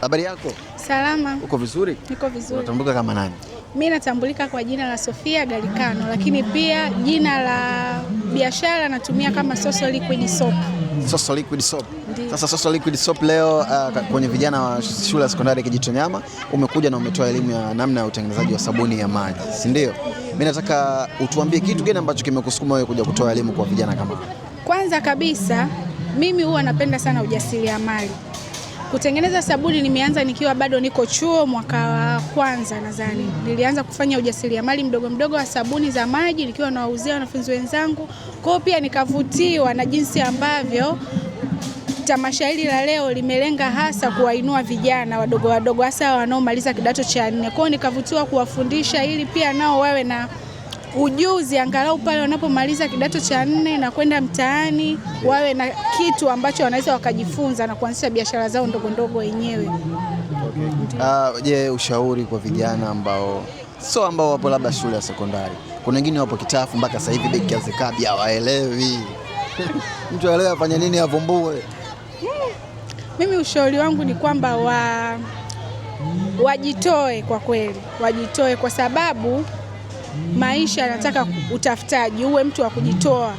Habari yako? Salama. Uko vizuri? Niko vizuri. Unatambulika kama nani? Mimi natambulika kwa jina la Sofia Galikano, lakini pia jina la biashara natumia kama Soso Liquid Soap. Soso Liquid Soap. Sasa Soso Liquid Soap leo uh, kwenye vijana wa shule ya sekondari Kijitonyama umekuja na umetoa elimu ya namna ya utengenezaji wa sabuni ya maji, si ndio? Mimi nataka utuambie kitu gani ambacho kimekusukuma wewe kuja kutoa elimu kwa vijana kama. Kwanza kabisa mimi huwa napenda sana ujasiriamali Kutengeneza sabuni nimeanza nikiwa bado niko chuo mwaka wa kwanza nadhani. Nilianza kufanya ujasiriamali mdogo mdogo wa sabuni za maji nikiwa nawauzia wanafunzi wenzangu. Kwa hiyo pia nikavutiwa na jinsi ambavyo tamasha hili la leo limelenga hasa kuwainua vijana wadogo wadogo hasa wanaomaliza kidato cha nne. Kwa hiyo nikavutiwa kuwafundisha ili pia nao wawe na ujuzi angalau pale wanapomaliza kidato cha nne na kwenda mtaani wawe na kitu ambacho wanaweza wakajifunza na kuanzisha biashara zao ndogondogo wenyewe. Ah, je, uh, ushauri kwa vijana ambao so ambao wapo labda shule ya sekondari, kuna wengine wapo kitafu mpaka sasa hivi beki azikabi hawaelewi mtu aelewe afanye nini avumbue? Hmm. Mimi ushauri wangu ni kwamba wa wajitoe kwa kweli, wajitoe kwa sababu maisha yanataka utafutaji, uwe mtu wa kujitoa,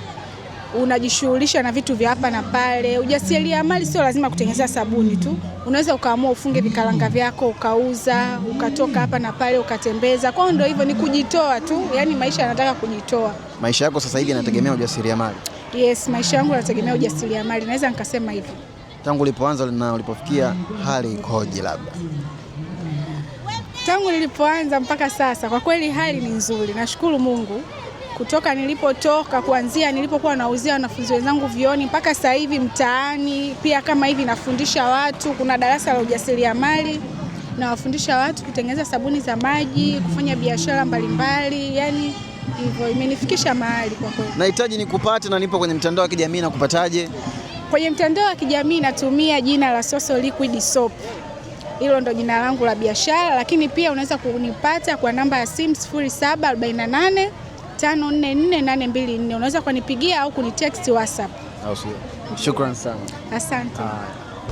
unajishughulisha na vitu vya hapa na pale. Ujasiriamali sio lazima kutengeneza sabuni tu, unaweza ukaamua ufunge vikalanga vyako ukauza, ukatoka hapa na pale, ukatembeza. Kwao ndio hivyo, ni kujitoa tu, yaani maisha yanataka kujitoa. Maisha yako sasa hivi yanategemea ujasiriamali? Yes, maisha yangu yanategemea ujasiriamali, naweza nikasema hivyo. Tangu ulipoanza na ulipofikia hali ikoje? labda Tangu nilipoanza mpaka sasa, kwa kweli hali ni nzuri, nashukuru Mungu. Kutoka nilipotoka kuanzia nilipokuwa nauzia wanafunzi wenzangu vioni mpaka sasa hivi mtaani, pia kama hivi nafundisha watu, kuna darasa la ujasiriamali nawafundisha watu kutengeneza sabuni za maji, kufanya biashara mbalimbali, yani hivyo imenifikisha mahali kwa kweli. Nahitaji nikupate na nipo kwenye mtandao wa kijamii, nakupataje? Kwenye mtandao wa kijamii natumia jina la Soso Liquid Soap. Hilo ndo jina langu la biashara, lakini pia unaweza kunipata kwa namba ya simu 0748 544 unaweza kunipigia au kunitext WhatsApp. Shukrani sana. Asante.